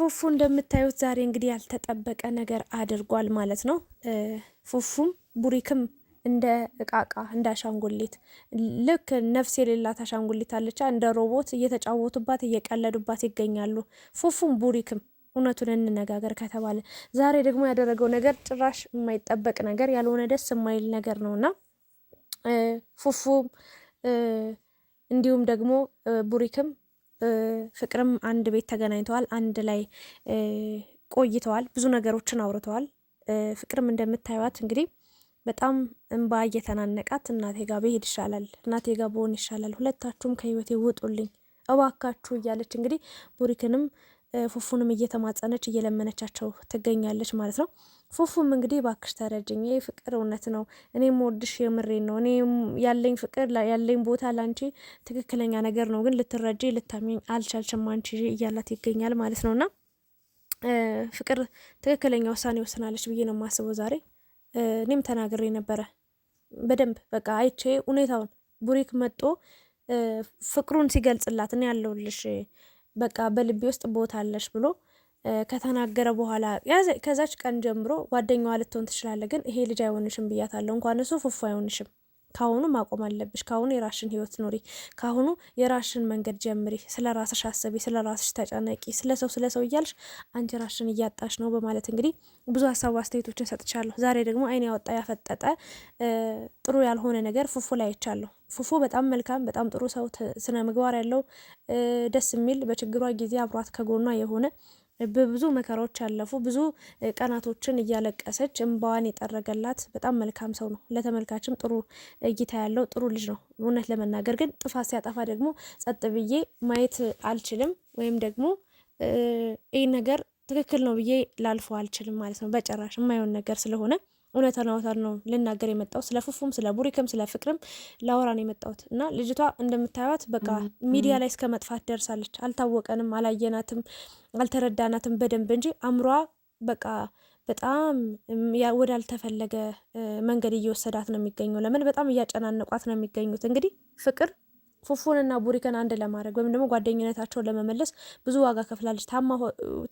ፉፉ እንደምታዩት ዛሬ እንግዲህ ያልተጠበቀ ነገር አድርጓል ማለት ነው። ፉፉም ቡሪክም እንደ እቃቃ እንደ አሻንጉሊት ልክ ነፍስ የሌላት አሻንጉሊት አለቻ እንደ ሮቦት እየተጫወቱባት እየቀለዱባት ይገኛሉ። ፉፉም ቡሪክም እውነቱን እንነጋገር ከተባለ ዛሬ ደግሞ ያደረገው ነገር ጭራሽ የማይጠበቅ ነገር ያልሆነ ደስ የማይል ነገር ነው እና ፉፉም እንዲሁም ደግሞ ቡሪክም ፍቅርም አንድ ቤት ተገናኝተዋል። አንድ ላይ ቆይተዋል። ብዙ ነገሮችን አውርተዋል። ፍቅርም እንደምታዩት እንግዲህ በጣም እንባ እየተናነቃት እናቴ ጋ ብሄድ ይሻላል፣ እናቴ ጋ ብሆን ይሻላል፣ ሁለታችሁም ከህይወቴ ውጡልኝ እባካችሁ እያለች እንግዲህ ቡሪክንም ፉፉንም እየተማጸነች እየለመነቻቸው ትገኛለች ማለት ነው። ፉፉም እንግዲህ ባክሽ ተረጅኝ፣ ይህ ፍቅር እውነት ነው፣ እኔም ወድሽ የምሬን ነው፣ እኔ ያለኝ ፍቅር ያለኝ ቦታ ላንቺ ትክክለኛ ነገር ነው፣ ግን ልትረጂ ልታሚኝ አልቻልችም አንቺ እያላት ይገኛል ማለት ነው ና ፍቅር ትክክለኛ ውሳኔ ወስናለች ብዬ ነው የማስበው። ዛሬ እኔም ተናግሬ ነበረ በደንብ በቃ አይቼ ሁኔታውን ቡሪክ መጦ ፍቅሩን ሲገልጽላት እኔ ያለውልሽ በቃ በልቤ ውስጥ ቦታ አለሽ ብሎ ከተናገረ በኋላ ከዛች ቀን ጀምሮ ጓደኛዋ ልትሆን ትችላለ፣ ግን ይሄ ልጅ አይሆንሽም ብያታለሁ። እንኳን እሱ ፉፉ አይሆንሽም። ካሁኑ ማቆም አለብሽ። ካሁኑ የራሽን ህይወት ኑሪ። ካሁኑ የራሽን መንገድ ጀምሪ። ስለ ራስሽ አስቢ፣ ስለ ራስሽ ተጨነቂ። ስለ ሰው ስለ ሰው እያልሽ አንቺ ራሽን እያጣሽ ነው በማለት እንግዲህ ብዙ ሀሳብ አስተያየቶችን ሰጥቻለሁ። ዛሬ ደግሞ አይን ያወጣ ያፈጠጠ ጥሩ ያልሆነ ነገር ፉፉ ላይ አይቻለሁ። ፉፉ በጣም መልካም፣ በጣም ጥሩ ሰው፣ ስነ ምግባር ያለው ደስ የሚል በችግሯ ጊዜ አብሯት ከጎኗ የሆነ በብዙ መከራዎች ያለፉ ብዙ ቀናቶችን እያለቀሰች እንባዋን የጠረገላት በጣም መልካም ሰው ነው። ለተመልካችም ጥሩ እይታ ያለው ጥሩ ልጅ ነው። እውነት ለመናገር ግን ጥፋት ሲያጠፋ ደግሞ ጸጥ ብዬ ማየት አልችልም፣ ወይም ደግሞ ይህ ነገር ትክክል ነው ብዬ ላልፈው አልችልም ማለት ነው። በጭራሽ የማይሆን ነገር ስለሆነ እውነት ናወታል ነው ልናገር የመጣው ስለ ፉፉም ስለ ቡሪክም ስለ ፍቅርም ላወራ ነው እና ልጅቷ እንደምታዩት በቃ ሚዲያ ላይ እስከ መጥፋት ደርሳለች። አልታወቀንም፣ አላየናትም፣ አልተረዳናትም በደንብ እንጂ አእምሯ በቃ በጣም ወዳልተፈለገ መንገድ እየወሰዳት ነው የሚገኘው። ለምን በጣም እያጨናነቋት ነው የሚገኙት እንግዲህ ፍቅር ፉፉንና ቡሪከን አንድ ለማድረግ ወይም ደግሞ ጓደኝነታቸውን ለመመለስ ብዙ ዋጋ ከፍላለች።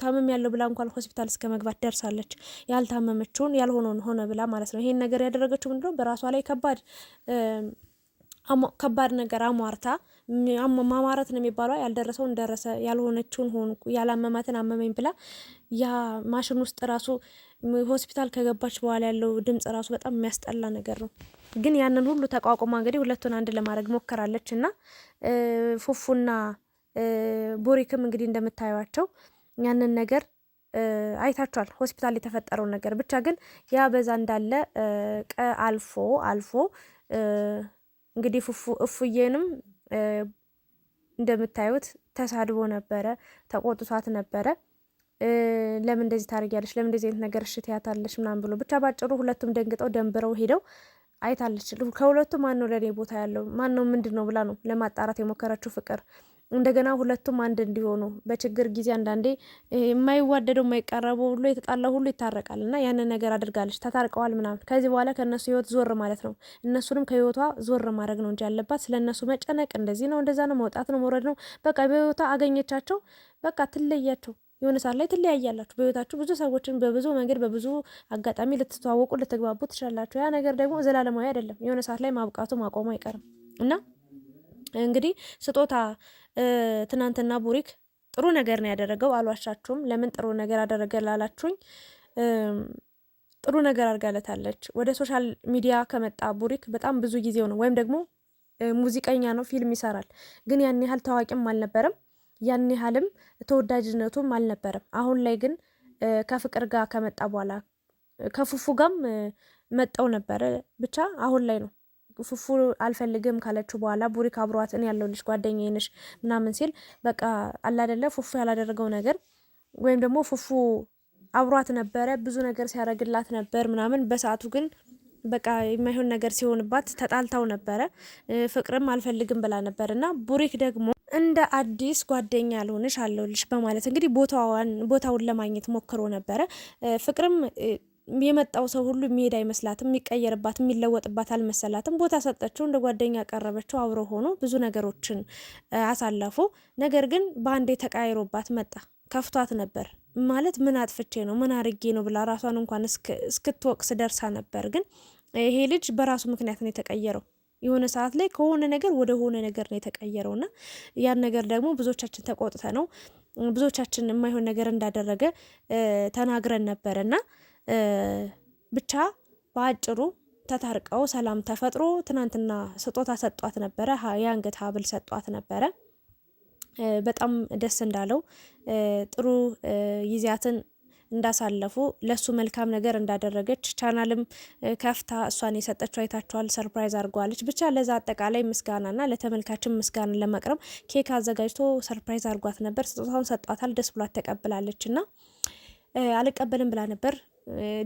ታመም ያለው ብላ እንኳን ሆስፒታል እስከ መግባት ደርሳለች። ያልታመመችውን ያልሆነውን ሆነ ብላ ማለት ነው። ይሄን ነገር ያደረገችው ምንድነው? በራሷ ላይ ከባድ ከባድ ነገር አሟርታ ማማረት ነው የሚባለው። ያልደረሰውን ደረሰ፣ ያልሆነችውን ሆንኩ፣ ያላመማትን አመመኝ ብላ ያ ማሽን ውስጥ ራሱ ሆስፒታል ከገባች በኋላ ያለው ድምጽ ራሱ በጣም የሚያስጠላ ነገር ነው። ግን ያንን ሁሉ ተቋቁማ እንግዲህ ሁለቱን አንድ ለማድረግ ሞከራለች እና ፉፉና ቡሪክም እንግዲህ እንደምታዩቸው ያንን ነገር አይታችኋል። ሆስፒታል የተፈጠረውን ነገር ብቻ ግን ያ በዛ እንዳለ አልፎ አልፎ እንግዲህ ፉፉ እፉዬንም እንደምታዩት ተሳድቦ ነበረ፣ ተቆጥቷት ነበረ። ለምን እንደዚህ ታደርጊያለሽ? ለምን እንደዚህ አይነት ነገር እሽት ያታለሽ ምናምን ብሎ ብቻ ባጭሩ ሁለቱም ደንግጠው ደንብረው ሄደው አይታለች። ከሁለቱ ማን ነው ለእኔ ቦታ ያለው ማን ነው ምንድን ነው ብላ ነው ለማጣራት የሞከረችው ፍቅር እንደገና ሁለቱም አንድ እንዲሆኑ በችግር ጊዜ አንዳንዴ የማይዋደደው የማይቀረቡ ሁሉ የተጣላ ሁሉ ይታረቃል እና ያንን ነገር አድርጋለች። ተታርቀዋል ምናምን ከዚህ በኋላ ከእነሱ ህይወት ዞር ማለት ነው። እነሱንም ከህይወቷ ዞር ማድረግ ነው እንጂ ያለባት ስለ እነሱ መጨነቅ እንደዚህ ነው እንደዛ ነው መውጣት ነው መውረድ ነው በቃ በህይወቷ አገኘቻቸው። በቃ ትለያቸው የሆነ ሰዓት ላይ ትለያያላችሁ። በህይወታችሁ ብዙ ሰዎችን በብዙ መንገድ በብዙ አጋጣሚ ልትተዋወቁ ልትግባቡ ትችላላችሁ። ያ ነገር ደግሞ ዘላለማዊ አይደለም። የሆነ ሰዓት ላይ ማብቃቱ ማቆሙ አይቀርም እና እንግዲህ ስጦታ ትናንትና ቡሪክ ጥሩ ነገር ነው ያደረገው፣ አልዋሻችሁም። ለምን ጥሩ ነገር አደረገ ላላችሁኝ ጥሩ ነገር አድርጋለታለች። ወደ ሶሻል ሚዲያ ከመጣ ቡሪክ በጣም ብዙ ጊዜው ነው። ወይም ደግሞ ሙዚቀኛ ነው፣ ፊልም ይሰራል፣ ግን ያን ያህል ታዋቂም አልነበረም። ያን ያህልም ተወዳጅነቱም አልነበረም። አሁን ላይ ግን ከፍቅር ጋር ከመጣ በኋላ ከፉፉ ጋም መጠው ነበረ። ብቻ አሁን ላይ ነው ፉፉ አልፈልግም ካለችው በኋላ ቡሪክ አብሯት እኔ ያለው ልጅ ጓደኛዬ ነሽ ምናምን ሲል በቃ አላደለ ፉፉ ያላደረገው ነገር ወይም ደግሞ ፉፉ አብሯት ነበረ ብዙ ነገር ሲያደርግላት ነበር ምናምን። በሰዓቱ ግን በቃ የማይሆን ነገር ሲሆንባት ተጣልታው ነበረ። ፍቅርም አልፈልግም ብላ ነበር እና ቡሪክ ደግሞ እንደ አዲስ ጓደኛ ልሆንሽ አለሁልሽ በማለት እንግዲህ ቦታውን ለማግኘት ሞክሮ ነበረ። ፍቅርም የመጣው ሰው ሁሉ የሚሄድ አይመስላትም። የሚቀየርባት የሚለወጥባት አልመሰላትም። ቦታ ሰጠችው፣ እንደ ጓደኛ ቀረበችው። አብሮ ሆኖ ብዙ ነገሮችን አሳለፉ። ነገር ግን በአንዴ ተቃይሮባት መጣ። ከፍቷት ነበር ማለት ምን አጥፍቼ ነው ምን አርጌ ነው ብላ ራሷን እንኳን እስክትወቅስ ደርሳ ነበር። ግን ይሄ ልጅ በራሱ ምክንያት ነው የተቀየረው። የሆነ ሰዓት ላይ ከሆነ ነገር ወደ ሆነ ነገር ነው የተቀየረው እና ያን ነገር ደግሞ ብዙዎቻችን ተቆጥተ ነው ብዙዎቻችን የማይሆን ነገር እንዳደረገ ተናግረን ነበር እና ብቻ በአጭሩ ተታርቀው ሰላም ተፈጥሮ ትናንትና ስጦታ ሰጧት ነበረ። የአንገት ሀብል ሰጧት ነበረ። በጣም ደስ እንዳለው ጥሩ ጊዜያትን እንዳሳለፉ ለሱ መልካም ነገር እንዳደረገች ቻናልም ከፍታ እሷን የሰጠችው አይታችኋል። ሰርፕራይዝ አድርጓለች። ብቻ ለዛ አጠቃላይ ምስጋናና ለተመልካችን ምስጋና ለማቅረብ ኬክ አዘጋጅቶ ሰርፕራይዝ አድርጓት ነበር። ስጦታውን ሰጧታል። ደስ ብሏት ተቀብላለች እና አልቀበልም ብላ ነበር።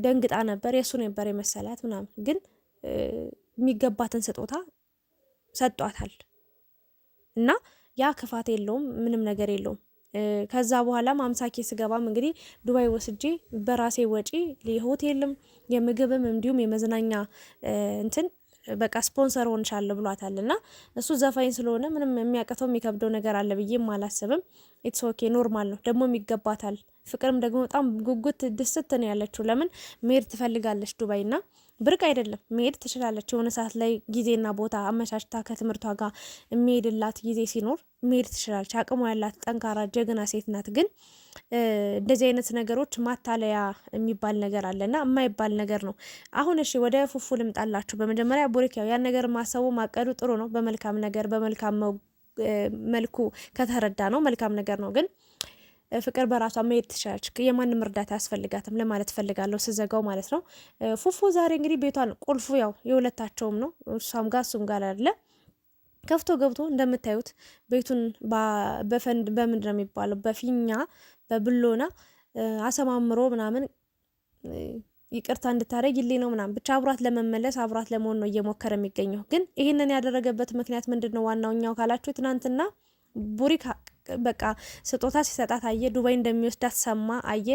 ደንግጣ ነበር። የእሱ ነበር የመሰላት ምናምን፣ ግን የሚገባትን ስጦታ ሰጧታል እና ያ ክፋት የለውም፣ ምንም ነገር የለውም። ከዛ በኋላም አምሳኬ ስገባም እንግዲህ ዱባይ ወስጄ በራሴ ወጪ የሆቴልም የምግብም እንዲሁም የመዝናኛ እንትን በቃ ስፖንሰር ሆንሻለሁ ብሏታል። እና እሱ ዘፋኝ ስለሆነ ምንም የሚያቅተው የሚከብደው ነገር አለ ብዬም አላስብም። ኢትስ ኦኬ ኖርማል ነው። ደግሞም ይገባታል። ፍቅርም ደግሞ በጣም ጉጉት ድስት ነው ያለችው። ለምን መሄድ ትፈልጋለች ዱባይ ና ብርቅ አይደለም፣ መሄድ ትችላለች። የሆነ ሰዓት ላይ ጊዜና ቦታ አመቻችታ ከትምህርቷ ጋር የሚሄድላት ጊዜ ሲኖር መሄድ ትችላለች። አቅሟ ያላት ጠንካራ ጀግና ሴት ናት። ግን እንደዚህ አይነት ነገሮች ማታለያ የሚባል ነገር አለና የማይባል ነገር ነው። አሁን እሺ ወደ ፉፉ ልምጣላችሁ። በመጀመሪያ ቡሪክ ያው ያን ነገር ማሰቡ ማቀዱ ጥሩ ነው። በመልካም ነገር በመልካም መልኩ ከተረዳ ነው መልካም ነገር ነው ግን ፍቅር በራሷ መሄድ ትችላለች፣ የማንም እርዳታ ያስፈልጋትም ለማለት ፈልጋለሁ ስዘጋው ማለት ነው። ፉፉ ዛሬ እንግዲህ ቤቷን ቁልፉ ያው የሁለታቸውም ነው፣ እሷም ጋር እሱም ጋር አለ ከፍቶ ገብቶ እንደምታዩት ቤቱን በፈንድ በምንድን ነው የሚባለው በፊኛ በብሎና አሰማምሮ ምናምን ይቅርታ እንድታደርጊልኝ ነው ምናምን ብቻ አብሯት ለመመለስ አብሯት ለመሆን ነው እየሞከረ የሚገኘው። ግን ይህንን ያደረገበት ምክንያት ምንድን ነው ዋናውኛው ካላችሁ ትናንትና ቡሪክ በቃ ስጦታ ሲሰጣት አየ። ዱባይ እንደሚወስዳት ሰማ አየ።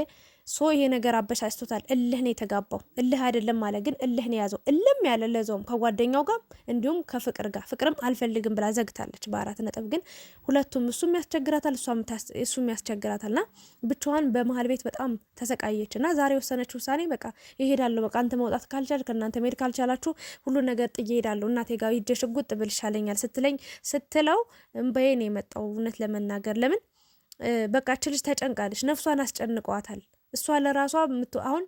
ሶ ይሄ ነገር አበሳጭቶታል። እልህ ነው የተጋባው። እልህ አይደለም ማለት ግን እልህ ነው የያዘው። እልም ያለ ለዛውም ከጓደኛው ጋር እንዲሁም ከፍቅር ጋር ፍቅርም አልፈልግም ብላ ዘግታለች በአራት ነጥብ። ግን ሁለቱም እሱም ያስቸግራታል፣ እሱም ያስቸግራታል። ና ብቻዋን በመሀል ቤት በጣም ተሰቃየች። እና ዛሬ የወሰነች ውሳኔ በቃ ይሄዳለሁ፣ በቃ አንተ መውጣት ካልቻል ከእናንተ መሄድ ካልቻላችሁ ሁሉ ነገር ጥዬ ይሄዳለሁ፣ እናቴ ጋር ሂጄ ሽጉጥ ብል ይሻለኛል ስትለኝ ስትለው እምባዬ ነው የመጣው እውነት ለመናገር ለምን በቃ እች ልጅ ተጨንቃለች። ነፍሷን አስጨንቀዋታል። እሷ ለራሷ አሁን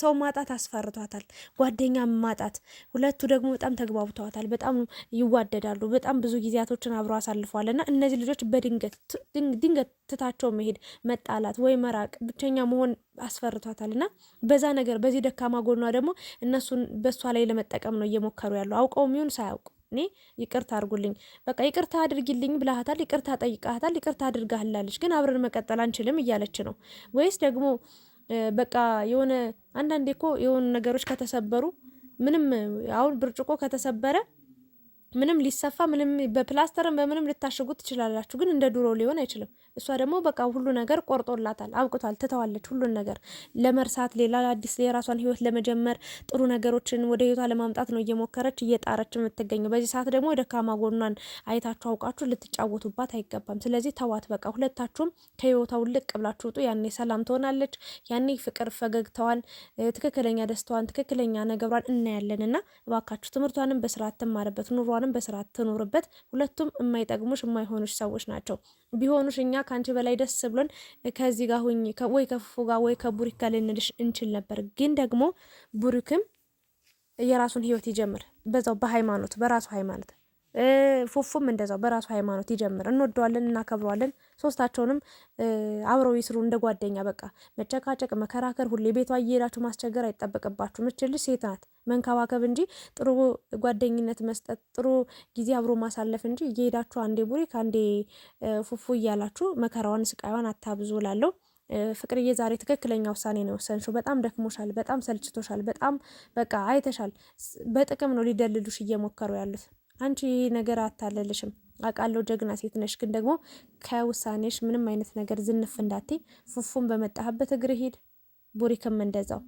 ሰው ማጣት አስፈርቷታል፣ ጓደኛ ማጣት። ሁለቱ ደግሞ በጣም ተግባብተዋታል፣ በጣም ይዋደዳሉ፣ በጣም ብዙ ጊዜያቶችን አብሮ አሳልፈዋል። እና እነዚህ ልጆች በድንገት ትታቸው መሄድ፣ መጣላት፣ ወይ መራቅ፣ ብቸኛ መሆን አስፈርቷታል። እና በዛ ነገር በዚህ ደካማ ጎኗ ደግሞ እነሱን በእሷ ላይ ለመጠቀም ነው እየሞከሩ ያሉ አውቀው የሚሆን ሳያውቁ እኔ ይቅርታ አድርጉልኝ፣ በቃ ይቅርታ አድርጊልኝ ብላሃታል፣ ይቅርታ ጠይቃሃታል፣ ይቅርታ አድርጋህላለች፣ ግን አብረን መቀጠል አንችልም እያለች ነው ወይስ ደግሞ በቃ የሆነ አንዳንዴ እኮ የሆኑ ነገሮች ከተሰበሩ ምንም አሁን ብርጭቆ ከተሰበረ ምንም ሊሰፋ ምንም በፕላስተርም በምንም ልታሽጉ ትችላላችሁ፣ ግን እንደ ድሮ ሊሆን አይችልም። እሷ ደግሞ በቃ ሁሉ ነገር ቆርጦላታል፣ አብቅቷል፣ ትተዋለች። ሁሉን ነገር ለመርሳት ሌላ አዲስ የራሷን ህይወት ለመጀመር ጥሩ ነገሮችን ወደ ህይወቷ ለማምጣት ነው እየሞከረች እየጣረች የምትገኘው። በዚህ ሰዓት ደግሞ ደካማ ጎኗን አይታችሁ አውቃችሁ ልትጫወቱባት አይገባም። ስለዚህ ተዋት፣ በቃ ሁለታችሁም ከህይወቷ ውልቅ ብላችሁ ውጡ። ያኔ ሰላም ትሆናለች። ያኔ ፍቅር ፈገግታዋን፣ ትክክለኛ ደስታዋን፣ ትክክለኛ ነገሯን እናያለን። እና እባካችሁ ትምህርቷንም በስርዓት ትማርበት ኑሯ ትዳሯንም በስርዓት ትኖርበት። ሁለቱም የማይጠቅሙሽ የማይሆኑሽ ሰዎች ናቸው። ቢሆኑሽ እኛ ከአንቺ በላይ ደስ ብሎን ከዚህ ጋር ሁኝ ወይ ከፉፉ ጋር ወይ ከቡሪክ ጋር ልንልሽ እንችል ነበር። ግን ደግሞ ቡሪክም የራሱን ህይወት ይጀምር በዛው በሃይማኖት በራሱ ሃይማኖት ፉፉም እንደዛው በራሱ ሃይማኖት ይጀምር። እንወደዋለን፣ እናከብረዋለን። ሶስታቸውንም አብረው ይስሩ እንደ ጓደኛ። በቃ መጨቃጨቅ፣ መከራከር፣ ሁሌ ቤቷ እየሄዳችሁ ማስቸገር አይጠበቅባችሁ። እች ሴት ናት፣ መንከባከብ እንጂ ጥሩ ጓደኝነት መስጠት፣ ጥሩ ጊዜ አብሮ ማሳለፍ እንጂ እየሄዳችሁ አንዴ ቡሬ ከአንዴ ፉፉ እያላችሁ መከራዋን ስቃይዋን አታብዙ ላለው ፍቅርዬ ዛሬ ትክክለኛ ውሳኔ ነው የወሰንሽው። በጣም ደክሞሻል፣ በጣም ሰልችቶሻል፣ በጣም በቃ አይተሻል። በጥቅም ነው ሊደልሉሽ እየሞከሩ ያሉት። አንቺ ነገር አታለልሽም አውቃለሁ ጀግና ሴት ነሽ፣ ግን ደግሞ ከውሳኔሽ ምንም አይነት ነገር ዝንፍ እንዳቴ ፉፉን በመጣህበት እግር ሄድ ቡሪክም እንደዛው።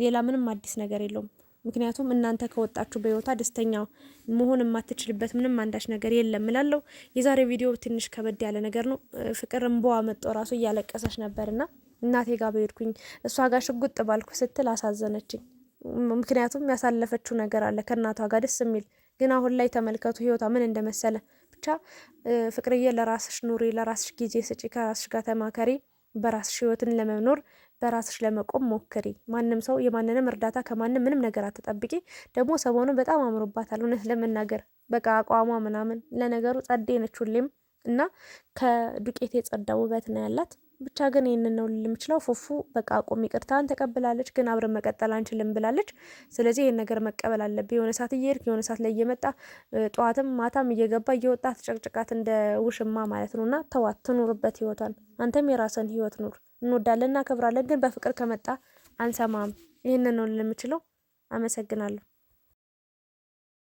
ሌላ ምንም አዲስ ነገር የለውም። ምክንያቱም እናንተ ከወጣችሁ በህይወቷ ደስተኛ መሆን የማትችልበት ምንም አንዳች ነገር የለም እላለሁ። የዛሬ ቪዲዮ ትንሽ ከበድ ያለ ነገር ነው። ፍቅር እምባዋ መጦ ራሱ እያለቀሰች ነበርና እናቴ ጋር በሄድኩኝ እሷ ጋር ሽጉጥ ባልኩ ስትል አሳዘነችኝ። ምክንያቱም ያሳለፈችው ነገር አለ ከእናቷ ጋር ደስ የሚል ግን አሁን ላይ ተመልከቱ ህይወቷ ምን እንደመሰለ። ብቻ ፍቅርዬ ለራስሽ ኑሪ፣ ለራስሽ ጊዜ ስጪ፣ ከራስሽ ጋር ተማከሪ፣ በራስሽ ህይወትን ለመኖር በራስሽ ለመቆም ሞክሪ። ማንም ሰው የማንንም እርዳታ ከማንም ምንም ነገር አትጠብቂ። ደግሞ ሰሞኑ በጣም አምሮባታል እውነት ለመናገር በቃ አቋሟ ምናምን። ለነገሩ ጸዴ ነች ሁሌም እና ከዱቄት የጸዳ ውበት ነው ያላት። ብቻ ግን ይህንን ነው ልል የምችለው። ፉፉ በቃ ቁም ይቅርታን ተቀብላለች፣ ግን አብረን መቀጠል አንችልም ብላለች። ስለዚህ ይህን ነገር መቀበል አለብህ። የሆነ ሰዓት እየሄድክ የሆነ ሰዓት ላይ እየመጣ ጠዋትም ማታም እየገባ እየወጣ ጨቅጭቃት እንደ ውሽማ ማለት ነው። እና ተዋት ትኑርበት ህይወቷን፣ አንተም የራስን ህይወት ኑር። እንወዳለን፣ እናከብራለን፣ ግን በፍቅር ከመጣ አንሰማም። ይህንን ነው ልል የምችለው። አመሰግናለሁ።